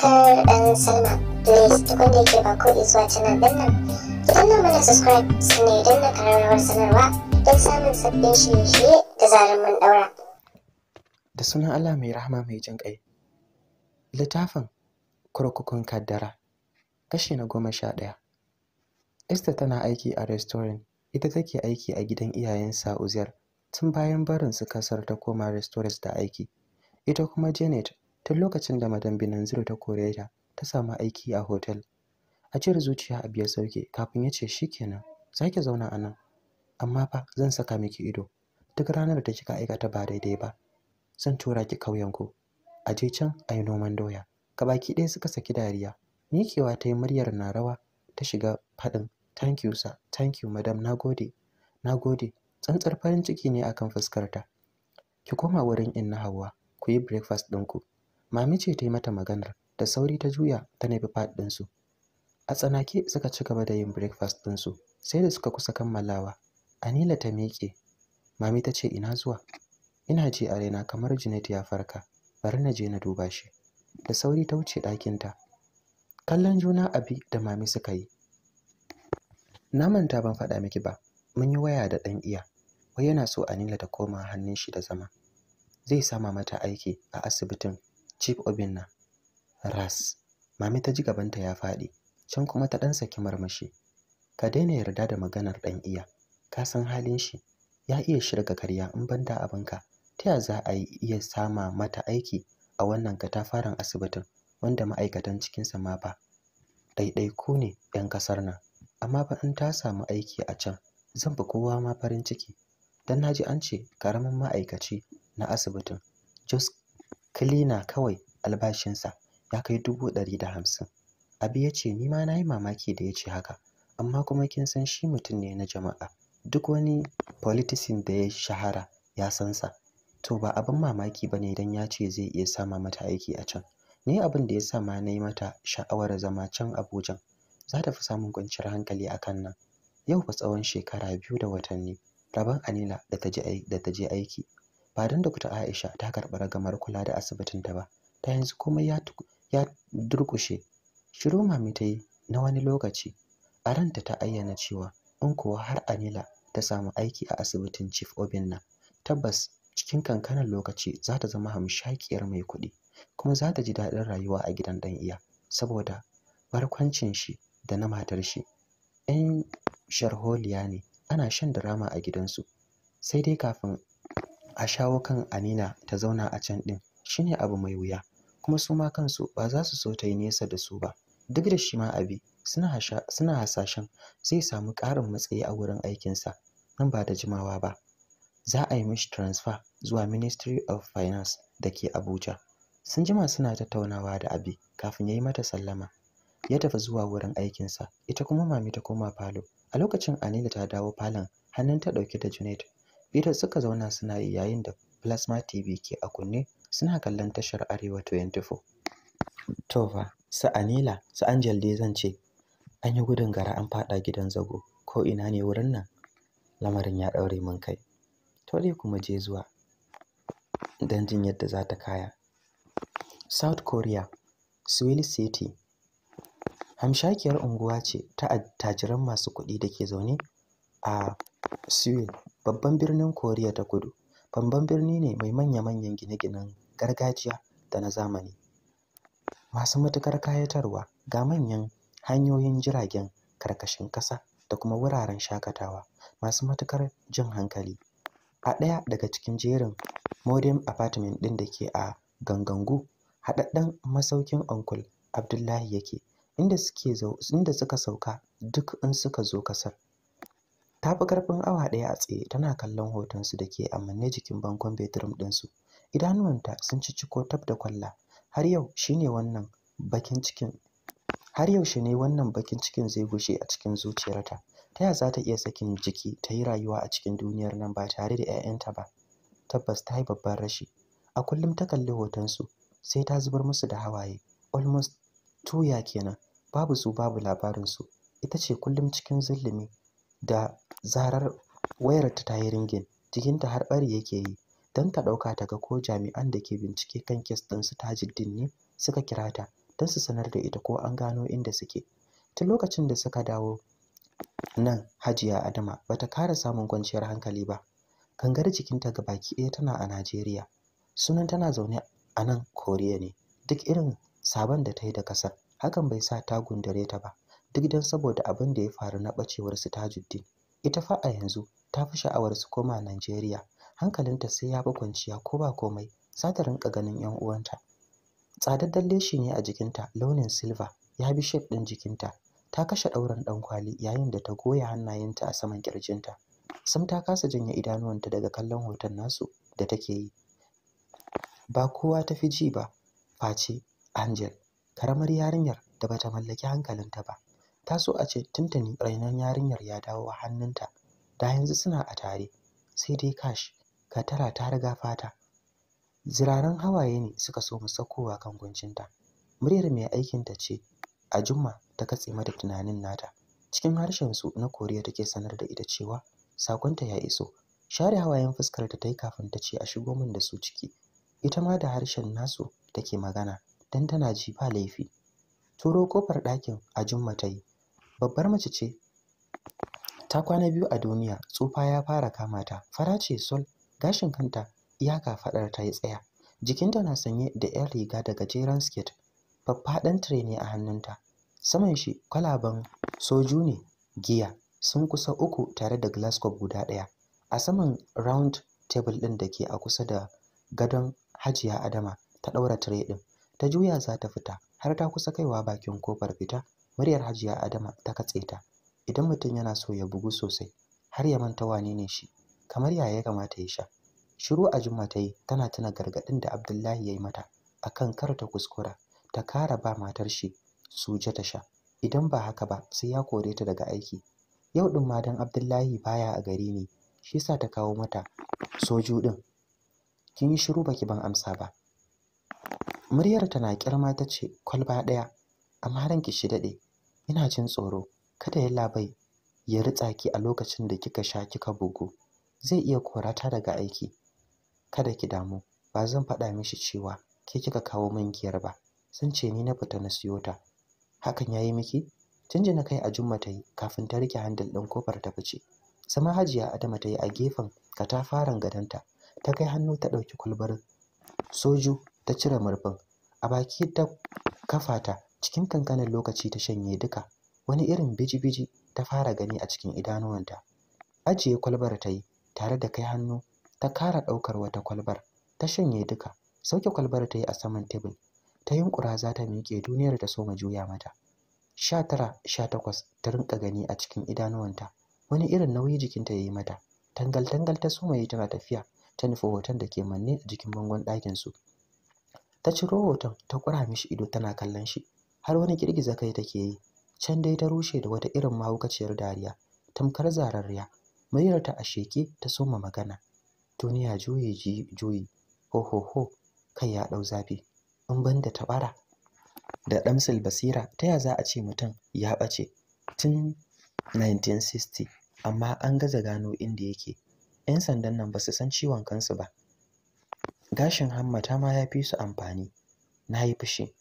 subscribe and sign up. Please tukun da yake ba ko zuwa canal din nan. subscribe sannan idan na sanarwa don samun sabbin shirye-shirye da zarar mun daura. Da sunan Allah mai rahma mai jin ƙai. Littafin kurkukun kaddara kashi na goma sha ɗaya. Esther tana aiki a restaurant ita take aiki a gidan iyayensa Uzair tun bayan barin su kasar ta koma restaurant da aiki. Ita kuma Janet tun lokacin da madam zuru ta kore ta ta samu aiki a hotel a cire zuciya a biyar sauke kafin ya ce shikenan zaki zauna a nan amma fa zan saka miki ido duk ranar da kika aikata ba daidai ba zan tura ki ƙauyenku a je can a yi noman doya baki ɗaya suka saki dariya ni ta yi muryar na rawa ta shiga faɗin thank you sir thank you madam nagode nagode tsantsar farin ciki ne akan fuskarta ki koma wurin inna hawa ku yi breakfast ɗinku mami ce ta yi mata maganar da sauri ta juya ta nufi fat a tsanake suka ci gaba da yin breakfast ɗinsu sai da suka kusa kammalawa anila ta miƙe mami ta ce ina zuwa ina ji a raina kamar Janet ya farka bari na je na duba shi da sauri ta wuce ɗakinta kallon juna abi da mami suka yi na manta ban faɗa miki ba mun yi waya da ɗan iya wai yana so anila ta koma hannun shi da zama zai sama mata aiki a asibitin chief obin nan ras mami ta ji gabanta ya faɗi can kuma ta ɗan saki marmashi ka daina yarda da maganar ɗan iya ka san halin shi ya iya shirga karya in ban da abinka ta ya za a iya sama mata aiki a wannan katafaren asibitin wanda ma'aikatan cikinsa ma ba ɗaiɗaiku ne 'yan ƙasar nan amma ba in ta samu aiki a can zan fi kowa ma farin ciki don na ji an ce karamin ma'aikaci na asibitin jos Kilina kawai albashinsa ya kai dubu ɗari da hamsin. Abi ya ce ni ma na yi mamaki da ya ce haka, amma kuma kin san shi mutum ne na jama'a. Duk wani politician da ya shahara ya san sa. To ba abin mamaki ba ne don ya ce zai iya sama mata aiki a can. Ni abin da ya sa ma na yi mata sha'awar zama can Abujan. Za ta fi samun kwanciyar hankali a kan nan. Yau fa tsawon shekara biyu da watanni, rabon Anila da ta je aiki ba don da kuta Aisha ta karɓi ragamar kula da asibitin ta ba ta yanzu komai ya ya durƙushe shiru mami ta yi na wani lokaci a ranta ta ayyana cewa in kuwa har Anila ta samu aiki a asibitin Chief Obinna tabbas cikin kankanin lokaci za ta zama hamshakiyar mai kuɗi kuma za ta ji daɗin rayuwa a gidan dan iya saboda barkwancin shi da na matar shi ‘yan sharholiya ne ana shan dirama a gidansu sai dai kafin a shawo kan Amina ta zauna a can ɗin shine abu mai wuya kuma su ma kansu ba za su so ta yi nesa da su ba duk da shi ma abi suna hasashen zai samu ƙarin matsayi a wurin aikinsa nan ba da jimawa ba za a yi mishi transfer zuwa Ministry of Finance da ke Abuja sun jima suna tattaunawa da abi kafin ya yi mata sallama ya tafi zuwa wurin aikinsa ita kuma mami ta koma falo a lokacin anila ta dawo falon hannun ta ɗauke da junaid Ita suka zauna suna yi yayin da plasma TV ke a kunne suna kallon tashar Arewa 24. To fa, su Anila, su Angel dai zan ce, an yi gudun gara an faɗa gidan zago, ko ina ne wurin nan? Lamarin ya ɗaure min kai. To dai kuma je zuwa don jin yadda za ta kaya. South Korea, Seoul City. Hamshakiyar unguwa ce ta attajiran masu kuɗi da ke zaune a Seoul, babban birnin Koriya ta Kudu, babban birni ne mai manya-manyan gine-ginen gargajiya da na zamani masu matuƙar kayatarwa ga manyan hanyoyin jiragen karkashin ƙasa da kuma wuraren shakatawa masu matuƙar jin hankali. A ɗaya daga cikin jerin modern apartment ɗin da ke a Gangangu, haɗaɗɗen masaukin Uncle Abdullahi yake, inda suka sauka duk in suka zo ƙasar. ta fi karfin awa ɗaya a tsaye tana kallon hoton su da ke amanne jikin bankon bedroom ɗinsu idanuwanta sun cicciko tab da kwalla har yau shine wannan bakin cikin har yaushe ne wannan bakin cikin zai gushe a cikin zuciyarta ta yaya za ta iya sakin jiki ta yi rayuwa a cikin duniyar nan ba tare da 'ya'yanta ba tabbas ta yi babban rashi a kullum ta kalli hoton su, sai ta zubar musu da hawaye almost tuya kenan babu su babu labarinsu ita ce kullum cikin zulumi da zarar wayarta ta yi ringin jikinta har ɓari yake yi don ta ɗauka ta ga ko jami'an da ke bincike kan kes ɗin su tajiddin ne suka kira ta don su sanar da ita ko an gano inda suke tun lokacin da suka dawo nan hajiya adama bata kara samun kwanciyar hankali ba gangar jikinta ga baki ɗaya tana a najeriya sunan tana zaune a nan koriya ne duk irin sabon da ta yi da ƙasar hakan bai sa ta gundare ta ba duk don saboda abin da ya faru na bacewar su Tajuddin ita fa a yanzu ta fi sha'awar su koma Najeriya hankalinta sai ya fi kwanciya ko ba komai za ta rinka ganin yan uwanta tsadaddar leshi ne a jikinta launin silva ya bi shape ɗin jikinta ta kashe ɗaurin ɗankwali yayin da ta goya hannayenta a saman kirjinta sam ta kasa janye idanuwanta daga kallon hoton nasu da take yi ba kowa ta fi ji ba face angel karamar yarinyar da bata mallaki hankalinta ba ta so a ce tuntuni rainon yarinyar ya dawo a hannunta da yanzu suna a tare sai dai kash katara ta riga fata Ziraren hawaye ne suka so mu musakowa kan guncinta muryar mai aikinta ce a jumma ta katse mata tunanin nata cikin harshen su na koriya take sanar da ita cewa sakonta ya iso share hawayen fuskar ta tai kafin ta ce a shigo min da su ciki ita ma da harshen nasu take magana dan tana ji ba laifi turo kofar ɗakin a jumma ta yi babbar mace ce ta kwana biyu a duniya tsufa ya fara kama ta fara ce sol gashin kanta iyaka fadar ta yi tsaya jikinta na sanye da yan riga da gajeren siket faffaɗan tire ne a hannunta saman shi kwalaban soju ne giya sun kusa uku tare da glasgow guda ɗaya a saman round table ɗin da ke a kusa da gadon hajiya adama ta ɗaura tire ɗin ta juya za ta fita har ta kusa kaiwa bakin kofar fita muryar hajiya adama ta katse ta idan mutum yana so ya bugu sosai har ya manta wane ne shi kamar yaya ya kamata ya sha shiru a juma ta yi tana tuna gargaɗin da abdullahi ya yi mata a kan kar ta kuskura ta kara ba matar shi suje ta sha idan ba haka ba sai ya kore ta daga aiki yau ɗin ma dan abdullahi baya a gari ne shi yasa ta kawo mata soju din kin yi shiru baki ban amsa ba muryar ta na kirma ta ce kwalba ɗaya amma ranki shi daɗe ina jin tsoro kada ya labai ya ritsa ki a lokacin da kika sha kika bugu zai iya korata daga aiki kada ki damu ba zan faɗa mishi cewa ke kika kawo min giyar ba sun ce ni na fita na siyo ta hakan yayi miki na kai a jumma ta yi kafin ta rike handil ɗin kofar ta fice sama hajiya adama ta yi a gefen katafaren gadonta ta kai hannu ta ɗauki kwalbar soju ta cire murfin a baki ta ta. cikin kankanin lokaci ta shanye duka wani irin biji-biji ta fara gani a cikin idanuwanta ajiye kwalbar ta yi tare da kai hannu ta kara ɗaukar wata kwalbar ta shanye duka sauke kwalbar ta yi a saman tebul ta yunkura za ta miƙe duniyar ta so juya mata sha tara sha takwas ta rinka gani a cikin idanuwanta wani irin nauyi jikinta ya yi mata tangal-tangal ta so yi tana tafiya ta nufi hoton da ke manne a jikin bangon ɗakin su ta ciro hoton ta kura mishi ido tana kallon shi har wani girgiza kai take yi can dai ta rushe da wata irin mahaukaciyar dariya tamkar zararriya muryarta a sheke ta soma magana duniya juyi juyi ho ho ho kai ya dau zafi in banda tabara da damsil basira ta ya za a ce mutum ya bace tun 1960 amma an gaza gano inda yake 'yan sandan nan ba su san ciwon kansu ba gashin hammata ma ya fi su amfani na yi fushi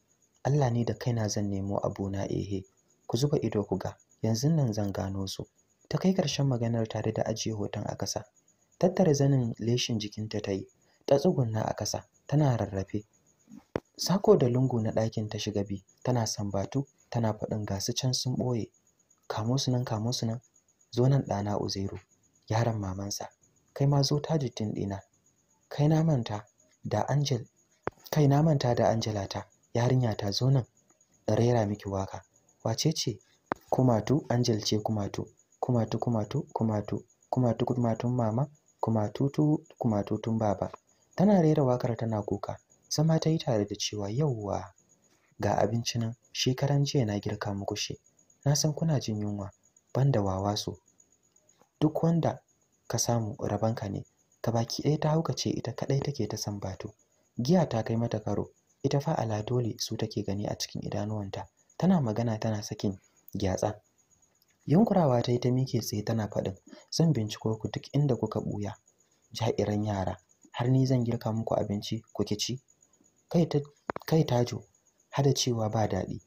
Allah ne da kaina zan nemo abuna ehe ku zuba ido ku ga yanzu nan zan gano su ta kai ƙarshen maganar tare da ajiye hoton a ƙasa tattara zanin leshin jikinta ta yi ta tsugunna a ƙasa tana rarrafe sako da lungu na ɗakin ta shiga bi tana sambatu tana faɗin gasu can sun ɓoye kamo su nan kamo su nan zo nan ɗana uzairu yaron mamansa kai ma zo tajittin ɗina kai na manta da angel kai na manta da angela ta yarinya ta zo nan rera miki waka wace ce kumatu angel ce kumatu kumatu kumatu kumatu kumatu kumatun mama kumatutu kumatutun baba tana rera wakar tana kuka zama ta yi tare da cewa yauwa ga abinci nan shekaran jiya na girka muku shi na san kuna jin yunwa banda wawa su. duk wanda ka samu rabanka ne ka baki ɗaya ta hauka ce ita kaɗai take ta san batu. giya ta kai mata karo ita fa ala dole su take gani a cikin idanuwanta tana magana tana sakin gyatsa yunkurawa ta yi ta mike tsaye tana faɗin zan binciko ku duk inda kuka ɓuya ja'iran yara har ni zan girka muku abinci ku ci kai tajo hada cewa ba daɗi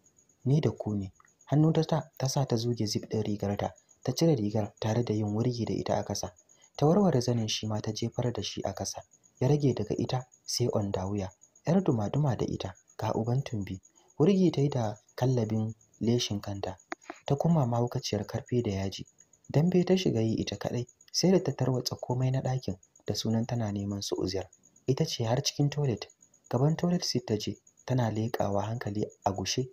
ni da ku ne hannu ta sa ta zuge zip ɗin rigarta ta cire rigar tare da yin wurgi da ita a ƙasa ta warware zanin shi ma ta jefar da shi a ƙasa ya rage daga ita sai on wuya 'yar duma-duma da ita ga uban tumbi wurgi ta yi da kallabin leshin kanta ta kuma mahaukaciyar karfe da yaji dambe ta shiga yi ita kaɗai, sai da ta tarwatsa komai na ɗakin da sunan tana neman su uziyar ita ce har cikin toilet gaban toilet seat ta je tana leƙawa hankali a gushe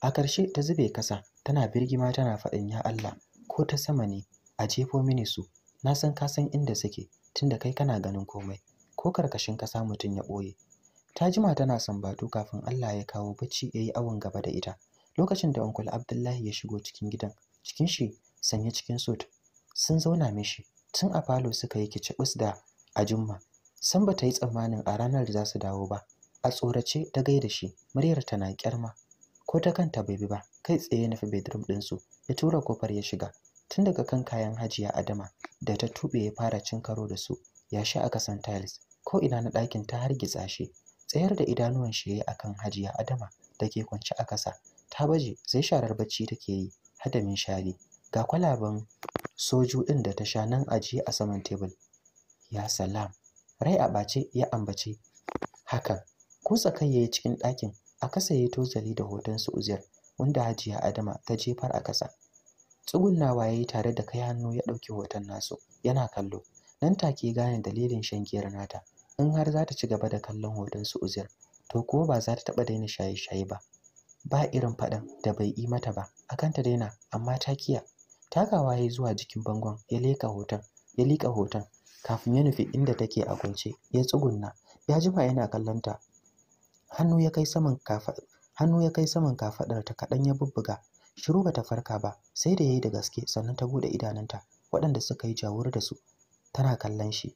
a ƙarshe ta zube kasa tana birgima tana faɗin ya Allah ko ta sama ne a jefo mini su na san ka san inda suke tunda kai kana ganin komai ko karkashin ƙasa mutum ya ɓoye ta jima tana sambatu kafin Allah ya kawo bacci ya yi awon gaba da ita lokacin da Uncle Abdullahi ya shigo cikin gidan cikin shi sanye cikin suit sun zauna mishi tun a falo suka yi kicibus da ajumma san bata yi tsammanin a ranar da za su dawo ba a tsorace ta gaida shi muryar ta na kyarma ko ta kanta bai bi ba kai tsaye ya nufi bedroom su. ya tura kofar ya shiga tun daga kan kayan hajiya adama da ta tube ya fara cin karo da su ya sha a kasan tiles ko ina na ɗakin ta hargitsa shi tsayar da idanuwan shi yayi akan Hajiya Adama da ke kwance a ƙasa ta baje sai sharar bacci take yi hadamin shari ga kwalaban soju ɗin da ta sha nan ajiye a saman tebul ya salam rai a ɓace ya ambace hakan kusa kai yayi cikin ɗakin a ya yayi tozali da hoton su Uzair wanda Hajiya Adama ta jefar a ƙasa tsugunnawa yayi tare da kai hannu ya ɗauki hoton nasu yana kallo nan take gane dalilin shan giyar nata in har za ta ci gaba da kallon hoton su Uzair to kuwa ba za ta taba daina shaye-shaye ba ba irin faɗan da bai yi mata ba akan ta daina amma ta kiya takawa yayi zuwa jikin bangon ya leka hoton ya lika hoton kafin ya nufi inda take a kunce ya tsugunna ya jima yana kallon hannu ya kai saman kafa hannu ya kai saman kafadar ta kadan ya bubbuga shiru bata farka ba sai da yayi da gaske sannan ta bude idanunta waɗanda suka yi jawur da su tana kallon shi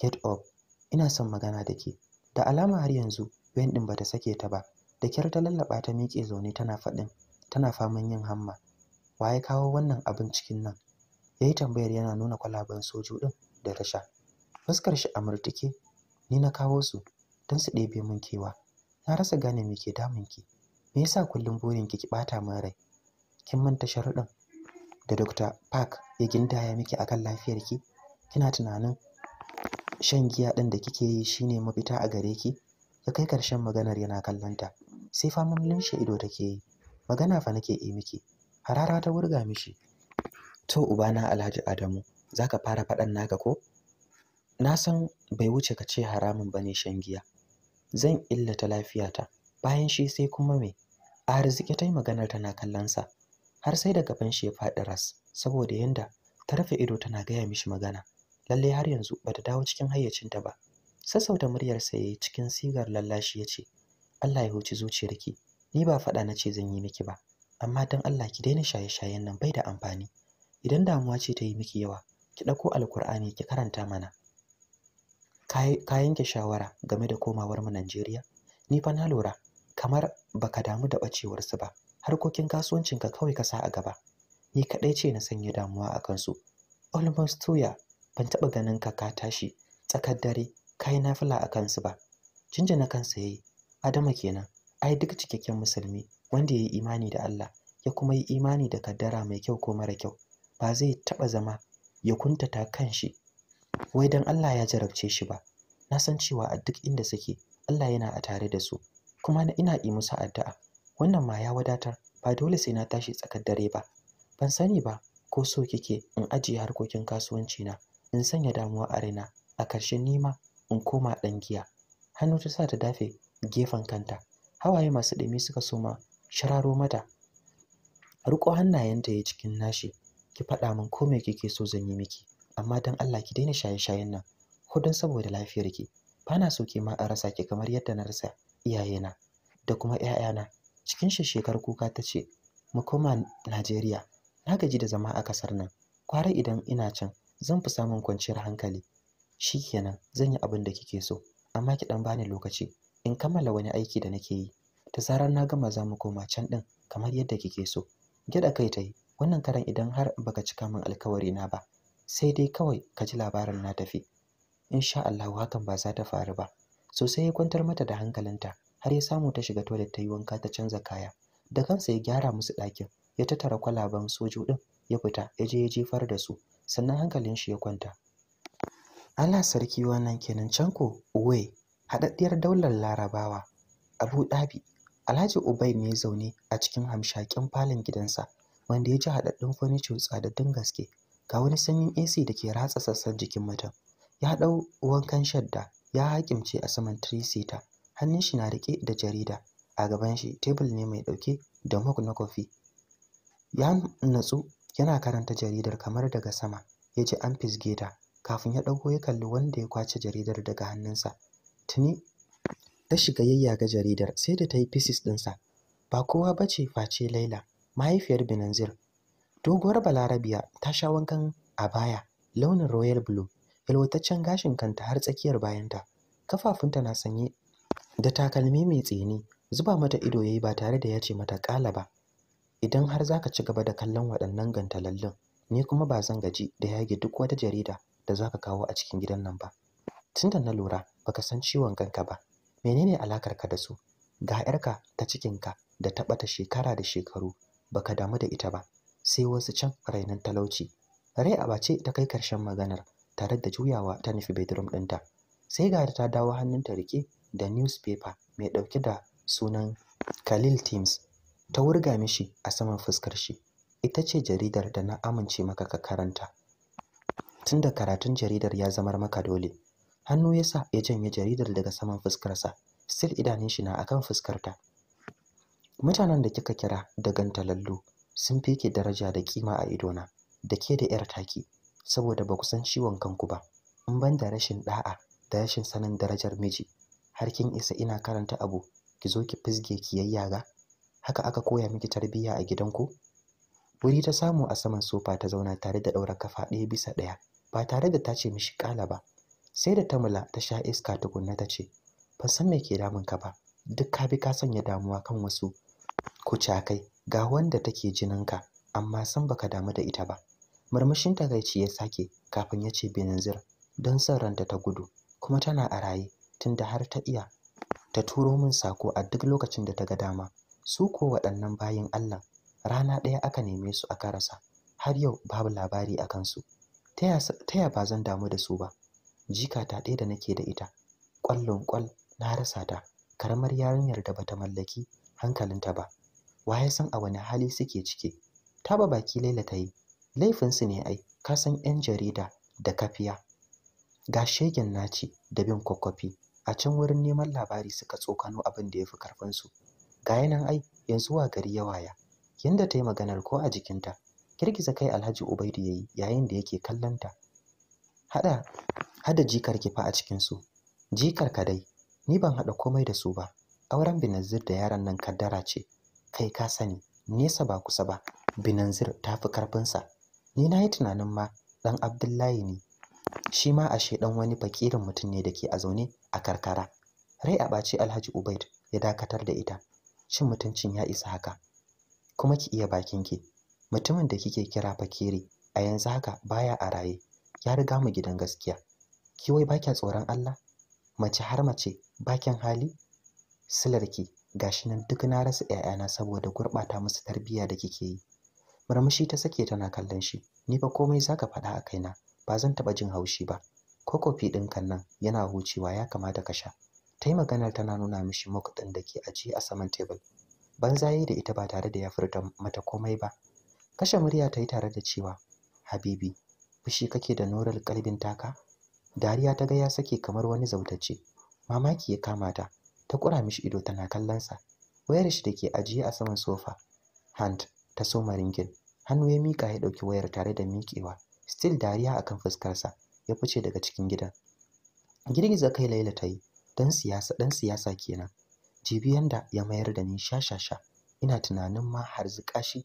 get up ina son magana da ke da alama har yanzu bayan din bata sake ta ba da kyar ta lallaba ta miƙe zaune tana faɗin tana faman yin hamma waye kawo wannan abin cikin nan yayi tambayar yana nuna kwalaban sojo din da rasha fuskar shi a ni na kawo su don su ɗebe mun kewa na rasa gane me ke damun ki me yasa kullum burin ki ki bata min rai kin manta sharuɗan da Dr. Park ya gindaya miki akan lafiyarki kina tunanin shan giya ɗin da kike yi shine mafita a gare ki ya kai ƙarshen maganar yana kallonta sai faman linshe ido take yi magana fa nake yi miki harara ta wurga mishi to ubana alhaji adamu za ka fara faɗan naka ko na san bai wuce ka ce haramun ba ne shan giya zan illata lafiyata bayan shi sai kuma me a arziki ta yi maganar tana kallonsa har sai daga ban shi ya faɗi ras saboda yanda ta rufe ido tana gaya mishi magana lalle har yanzu ba ta dawo cikin hayyacinta ba sassauta muryarsa ya yi cikin sigar lallashi ya ce Allah ya huci zuciyarki ni ba faɗa na ce zan yi miki ba amma don Allah ki daina shaye-shayen nan bai da amfani idan damuwa ce ta yi miki yawa ki ɗauko alkur'ani ki karanta mana ka yanke shawara game da komawar mu Najeriya ni fa na lura kamar baka damu da ɓacewarsu ba harkokin kasuwancinka kawai ka sa a gaba ni kaɗai ce na sanya damuwa a kansu. almost two ban taɓa ganin ka ka tashi tsakar dare ka yi nafila a kansu ba jinjina kansa ya yi, adama kenan ai duk cikakken musulmi wanda ya yi imani da Allah ya kuma yi imani da kaddara mai kyau ko mara kyau ba zai taɓa zama ya kuntata kan shi. wai dan Allah ya jarabce shi ba na san cewa a duk inda suke Allah yana a tare da su kuma na ina yi musu addu'a wannan ma ya wadatar ba dole sai na tashi tsakar dare ba ban sani ba ko so kike in ajiye harkokin kasuwanci na in sanya damuwa a raina a ƙarshe nima in koma ɗan giya hannu ta sa ta dafe gefen kanta hawaye masu ɗumi suka soma shararo mata riko hannayenta ya cikin nashi ki faɗa min ko me kike so zan yi miki amma dan Allah ki daina shaye-shayen nan ko dan saboda lafiyarki ba na so ki ma a rasa ki kamar yadda na rasa iyayena da kuma ƴaƴana cikin shekar kuka ta ce mu koma Najeriya na gaji da zama a ƙasar nan kwara idan ina can zan fi samun kwanciyar hankali shikenan zan yi abin da kike so amma ki dan bani lokaci in kammala wani aiki da nake yi ta zarar na gama za mu koma can din kamar yadda kike so gida kai tai wannan karan idan har baka cika min alkawari na ba sai dai kawai ka ji labarin na tafi insha Allah hakan ba za ta faru ba so sai ya kwantar mata da hankalinta har ya samu ta shiga toilet ta yi wanka ta canza kaya da kansa ya gyara musu ɗakin ya tattara kwalaban sojo ya fita ya je ya jefar da su sannan hankalin shi ya kwanta Ana sarki wannan kenan can ko uwe haɗaɗɗiyar daular larabawa abu dhabi alhaji ubai ne zaune a cikin hamshakin falon gidansa wanda ya ji haɗaɗɗun furniture tsadaddun gaske ga wani sanyin ac da ke ratsa sassan jikin mutum ya ɗau wankan shadda ya hakimce a saman trisita hannun shi na riƙe da jarida a gaban shi tebul ne mai ɗauke da mug na kofi ya natsu yana karanta jaridar kamar daga sama ya ji an fisge ta kafin ya ɗauko ya kalli wanda ya kwace jaridar daga hannunsa tuni ta shiga yayya ga jaridar sai da ta yi fisis ɗinsa ba kowa ba ce face laila mahaifiyar binanzir doguwar balarabiya ta sha wankan a baya launin royal blue yalwataccen gashin kanta har tsakiyar bayanta kafafunta na sanye da takalmi mai tsini zuba mata ido yayi ba tare da ya ce mata ƙala ba idan har zaka ci gaba da kallon waɗannan gantalallun ni kuma ba zan gaji da yage duk wata jarida da za ka kawo a cikin gidan nan ba tunda na lura baka san ciwon kanka ba menene alakar ka da su ga yarka ta cikin ka da ta bata shekara da shekaru baka damu da ita ba sai wasu can rainan talauci rai a bace ta kai karshen maganar tare da juyawa ta nufi bedroom ɗinta sai ga ta dawo hannunta rike da newspaper mai ɗauke da sunan Khalil Teams ta wurga mishi a saman fuskar shi ita ce jaridar da na amince maka ka karanta tunda karatun jaridar ya zamar maka dole hannu yasa ya janye jaridar daga saman fuskarsa sil idanun shi na akan fuskarta mutanen da kika kira da gantalallu sun fi ki daraja da kima a idona da ke da yar taki saboda ba ku san ciwon kanku ba in ban da rashin da'a da rashin sanin darajar miji har kin isa ina karanta abu ki zo ki fisge ki yayyaga haka aka koya miki tarbiyya a gidanku wuri ta samu a saman sofa ta zauna tare da ɗaura kafa ɗaya bisa ɗaya ba tare da ta ce mishi ƙala ba sai da tamula ta sha iska tukunna ta ce ban san me ke damun ka ba duk ka bi ka sanya damuwa kan wasu kucakai ga wanda take ka, amma san baka damu da ita ba murmushin takaici ya sake kafin ya ce benazir don son ranta ta gudu kuma tana a raye tunda har ta iya ta turo min sako a duk lokacin da ta ga dama su ko waɗannan bayin Allah rana ɗaya aka neme su aka rasa har yau babu labari a kansu ta ya ba zan damu da su ba Jika ta ɗaya da nake da ita ƙwallon ƙwal na rasa ta karamar yarinyar da bata mallaki hankalinta ba Wa ya san a wani hali suke ciki ta ba baki laila ta yi laifinsu ne ai ka san 'yan jarida da kafiya ga shegen naci da bin kwakwafi a can wurin neman labari suka tsokano abin da ya fi karfinsu ga nan ai yanzu wa gari ya waya yanda ta yi maganar ko a jikinta girgiza kai alhaji ubaidu ya yi yayin da yake kallonta hada hada jikar kifa a cikinsu jikar ka dai ni ban hada komai da su ba auren binanzir da yaran nan kaddara ce kai ka sani nesa ba kusa ba binanzir ta fi karfinsa ni na yi tunanin ma dan abdullahi ne shi ma ashe dan wani fakirin mutum ne da ke a zaune a karkara rai a ɓaci alhaji ubaid ya dakatar da ita cin mutuncin ya isa haka kuma ki iya bakin ki mutumin da kike kira fakiri a yanzu haka baya a raye ya riga mu gidan gaskiya ki wai kya tsoron Allah mace har mace bakin hali silarki gashi nan duk na rasa ƴaƴana saboda gurɓata musu tarbiyya da kike yi murmushi ta sake tana kallon shi ni fa komai zaka faɗa a kaina ba zan taɓa jin haushi ba ko kofi ɗin kan nan yana hucewa ya kamata ka sha ta yi maganar tana nuna mishi mug ɗin da ke ajiye a saman tebul banza yi da ita ba tare da ya furta mata komai ba kashe murya ta yi tare da cewa habibi fushi kake da noral kalbin taka dariya ta ga ya sake kamar wani zautacce mamaki ya kama ta ta kura mishi ido tana kallon sa wayar shi da ke ajiye a saman sofa hand ta soma ringin hannu ya mika ya ɗauki wayar tare da miƙewa still dariya akan fuskarsa ya fice daga cikin gidan girgiza kai laila ta yi dan siyasa dan siyasa kenan jibi yanda ya mayar da ni shashasha ina tunanin ma har shi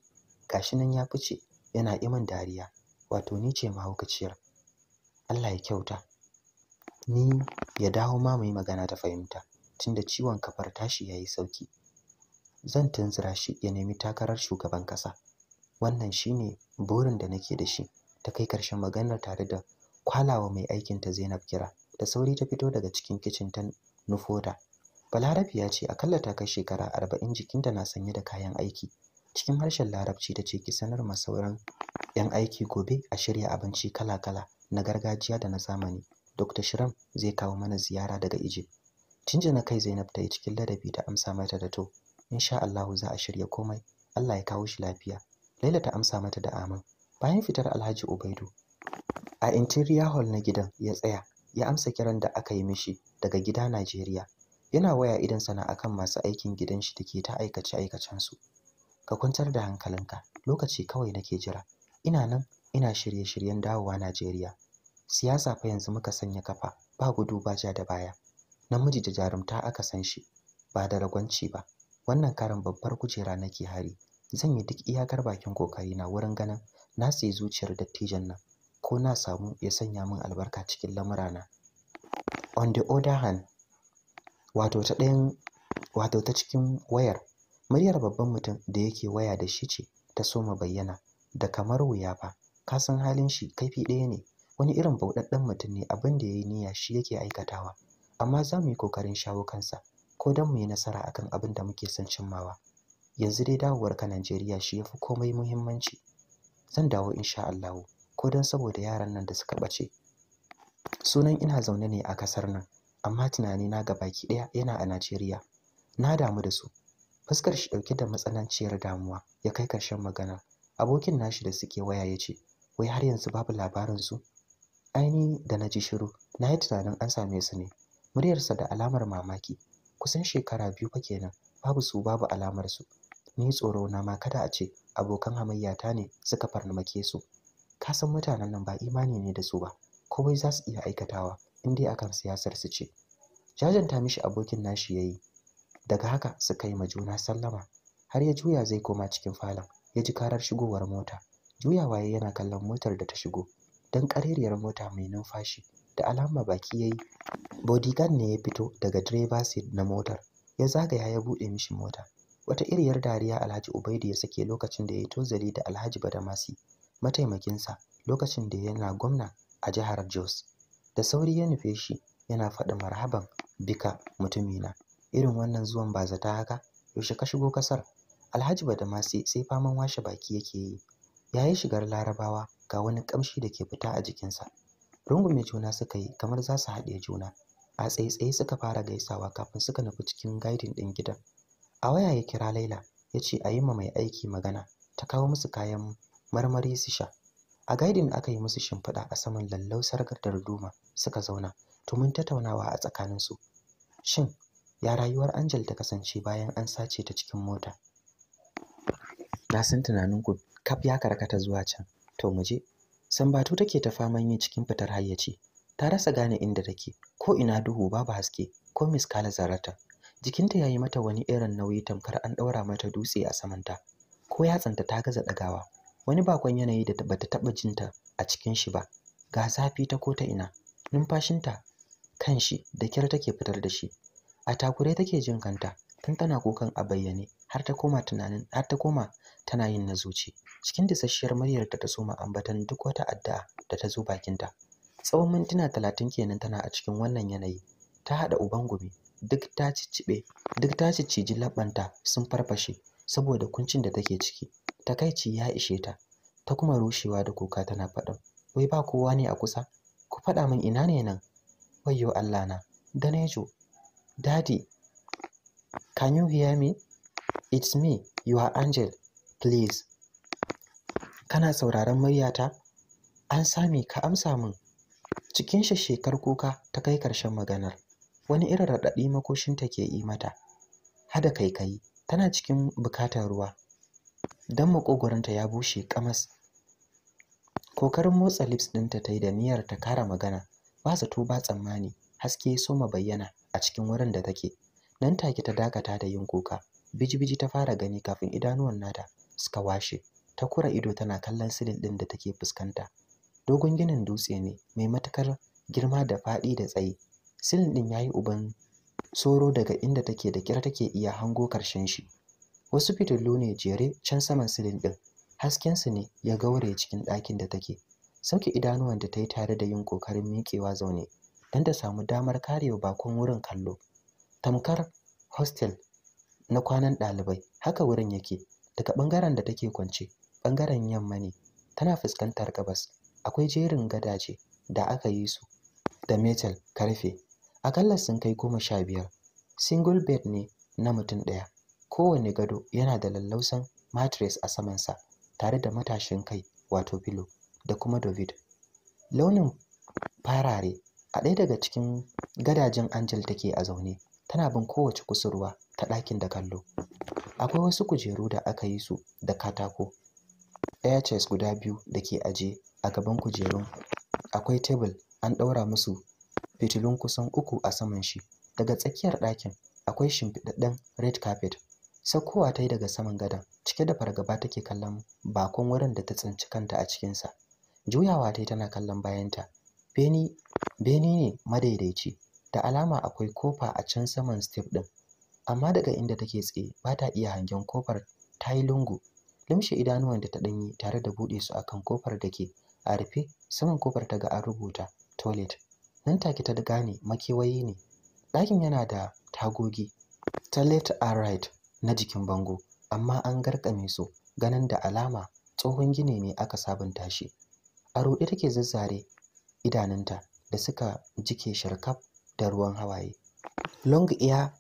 gashi nan ya fice yana iman dariya wato ni ce mahaukaciyar Allah ya kyauta ni ya dawo ma mai magana ta fahimta tunda ciwon kafar tashi yayi sauki zan tunzura shi ya nemi takarar shugaban kasa wannan shine burin da nake da shi ta kai karshen maganar tare da kwalawa mai aikin ta Zainab kira da sauri ta fito daga cikin kicin ta nufo ta ya ce akalla ta kai shekara arba'in jikin jikinta na sanye da kayan aiki cikin harshen larabci ta ce ki sanar ma sauran 'yan aiki gobe a shirya abinci kala-kala na gargajiya da na zamani dr shiram zai kawo mana ziyara daga egypt na kai zainab ta yi cikin ladabi ta amsa mata da to insha allahu za a shirya komai allah ya kawo shi lafiya laila ta amsa mata da amin bayan fitar alhaji ubaidu a interior hall na gidan ya tsaya ya amsa kiran da aka yi mishi daga gida Najeriya yana waya idan sana akan masu aikin gidan shi dake ta aikace aikacen su ka kwantar da hankalinka lokaci kawai nake jira ina nan ina shirye-shiryen dawowa Najeriya siyasa fa yanzu muka sanya kafa ba gudu ba ja da baya namiji da jarumta aka san shi ba da ragwanci ba wannan karin babbar kujera nake hari zan yi duk iyakar bakin kokari na wurin ganin na sayi zuciyar dattijan nan ko na samu ya sanya min albarka cikin lamurana on the other hand wato ta ɗayan wato ta cikin wayar muryar babban mutum da yake waya da shi ce ta soma bayyana da kamar wuya fa ka san halin shi kaifi ɗaya ne wani irin bauɗaɗɗen mutum ne abin da ya yi niyya shi yake aikatawa amma za mu yi kokarin shawo kansa ko don mu yi nasara akan abin da muke son cimmawa yanzu dai dawowar ka Najeriya shi ya fi komai muhimmanci zan dawo insha Allah ko don saboda yaran nan da suka ɓace sunan ina zaune ne a kasar nan amma tunani na ga baki ɗaya yana a Najeriya na damu da su fuskar shi ɗauke da matsananciyar damuwa ya kai karshen magana. abokin nashi da suke waya ya ce wai har yanzu babu labarin su aini da na ji shiru na yi tunanin an same su ne muryarsa da alamar mamaki kusan shekara biyu fa kenan babu su babu alamar su ni tsoro na ma kada a ce abokan hamayyata ne suka farmake su ka san mutanen nan ba imani ne da su ba kawai za su iya aikatawa in dai akan siyasar su ce jajanta mishi abokin nashi yayi daga haka suka kai ma juna sallama har ya juya zai koma cikin falon ya ji karar shigowar mota juyawa ya yana kallon motar da ta shigo don ƙarerriyar mota mai numfashi da alama baki yayi bodyguard ne ya fito daga driver seat na motar ya zagaya ya buɗe mishi mota wata iriyar dariya Alhaji Ubaidu ya sake lokacin da ya yi tozali da Alhaji Badamasi mataimakinsa lokacin da yana gwamna a jihar Jos. Da sauri ya nufe shi yana faɗi marhaban bika mutumina. Irin wannan zuwan ba zata haka yaushe ka shigo kasar? Alhaji Badamasi sai faman washe baki yake yi. Yayi shigar Larabawa ga wani kamshi da ke fita a jikinsa. Rungume juna suka yi kamar za su haɗe juna. A tsaye-tsaye suka fara gaisawa kafin suka nufi cikin gaidin ɗin gidan. A waya ya kira Laila ya ce a yi ma mai aiki magana ta kawo musu kayan marmari su sha a gaidin aka yi musu shimfiɗa a saman lallausar gardar duma suka zauna tumin tattaunawa a tsakaninsu shin ya rayuwar angel ta kasance bayan an sace ta cikin mota na san tunanin ku kaf ya karkata zuwa can to mu je sambatu take ta faman yi cikin fitar hayyaci ta rasa gane inda take ko ina duhu babu haske ko miskala zarata jikinta ya yi mata wani irin nauyi tamkar an ɗaura mata dutse a samanta ko yatsanta ta gaza dagawa wani bakon yanayi da bata taba jinta a cikin shi ba ga zafi ta ko ta ina numfashinta kan shi da kyar take fitar da shi a takure take jin kanta tun tana kukan a bayyane har ta koma tunanin har ta koma tana yin na zuci cikin disasshiyar muryar ta ta soma ambatan duk wata addu'a da ta zo bakinta tsawon mintuna talatin kenan tana a cikin wannan yanayi ta haɗa uban gumi duk ta ciccibe duk ta cicciji labanta sun farfashe saboda kuncin da take ciki takaici ya ishe ta ta kuma rushewa da kuka tana faɗin wai ba kowa ne a kusa ku faɗa min ina ne nan wayyo Allah na danejo daddy can you hear me it's me your angel please kana sauraron muryata an sami ka amsa min cikin shekar kuka ta kai karshen maganar wani irin raɗaɗi makoshinta ke yi mata hada kai-kai, tana cikin bukatar ruwa don makogoronta ya bushe kamas kokarin motsa lips ɗinta ta yi da niyyar ta kara magana ba zato ba tsammani haske soma bayyana a cikin wurin da take nan take ta dakata da yin kuka biji-biji ta fara gani kafin idanuwan nata suka washe ta kura ido tana kallon silin ɗin da take fuskanta dogon ginin dutse ne mai matukar girma da faɗi da tsayi silin ɗin ya yi uban soro daga inda take da kira take iya hango karshen shi wasu fitilu ne jere can saman silin ɗin haskensu ne ya gaure cikin ɗakin da take sauke idanuwan da ta yi tare da yin ƙoƙarin miƙewa zaune don ta samu damar karewa bakon wurin kallo tamkar hostel na kwanan ɗalibai haka wurin yake daga ɓangaren da take kwance ɓangaren yamma ne tana fuskantar gabas akwai jerin gadaje da aka yi su da metal karfe akalla sun kai goma sha biyar single bed ne na mutum ɗaya kowane gado yana da lallausan matres a samansa tare da matashin kai wato filo da kuma david launin farare a ɗaya daga cikin gadajen angel take a zaune tana bin kowace kusurwa ta ɗakin da kallo akwai wasu kujeru da aka yi su da katako air chairs guda biyu da ke aje a gaban kujerun akwai tebul an ɗaura musu fitilun kusan uku a saman shi daga tsakiyar ɗakin akwai shimfiɗaɗɗen red carpet Saukowa ta yi daga saman gadon, cike da fargaba take kallon bakon wurin da ta tsinci kanta a cikinsa. Juyawa ta yi tana kallon bayanta. Beni, beni ne madaidaici, da alama akwai kofa a can saman step ɗin. Amma daga inda take tsaye ba ta iya hangen kofar ta yi lungu. Limshe idanuwan da ta ɗanyi tare da buɗe su akan kofar da ke a rufe saman kofar ta ga an rubuta toilet. Nan take ta gane makewayi ne. Ɗakin yana da tagogi ta are right na jikin bango amma an garkame su ganin da alama tsohon gini ne aka sabunta shi a ruɗe take zazzare idanunta da suka jike sharkaf da ruwan hawaye long iya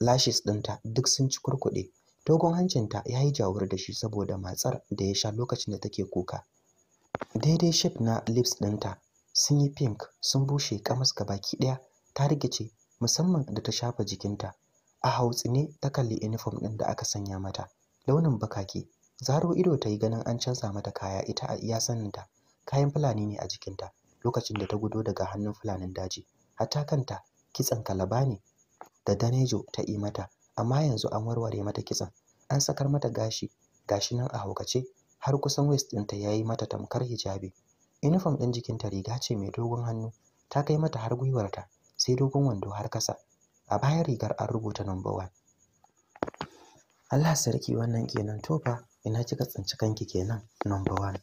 lashes ɗinta duk sun ci kurkuɗe dogon hancinta ya yi jawur da shi saboda matsar da ya sha lokacin da take kuka daidai shape na lips ɗinta sun yi pink sun bushe kamas gabaki ɗaya ta rikice musamman da ta shafa jikinta a hautsi ne ta kalli uniform ɗin da aka sanya mata launin bakake zaro ido ta yi ganin an canza mata kaya ita a iya saninta kayan fulani ne a jikinta lokacin da ta gudo daga hannun fulanin daji hatta kanta kitsan kalaba ne da danejo ta yi mata amma yanzu an warware mata kitsan an sakar mata gashi gashi nan a haukace har kusan waist ɗinta ya yi mata tamkar hijabi uniform ɗin jikinta riga ce mai dogon hannu ta kai mata har gwiwarta sai dogon wando har kasa a bayan rigar an rubuta number one Allah sarki wannan kenan to ina kika tsinci kanki kenan number one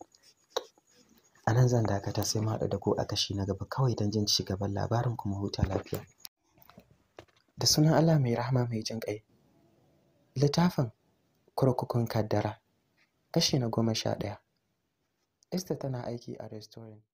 a nan zan dakata sai mu da ko a kashi na gaba kawai don jin ci gaban labarin kuma huta lafiya da sunan Allah mai rahama mai jin ƙai littafin kurkukun kaddara kashi na goma sha ɗaya Esther tana aiki a restaurant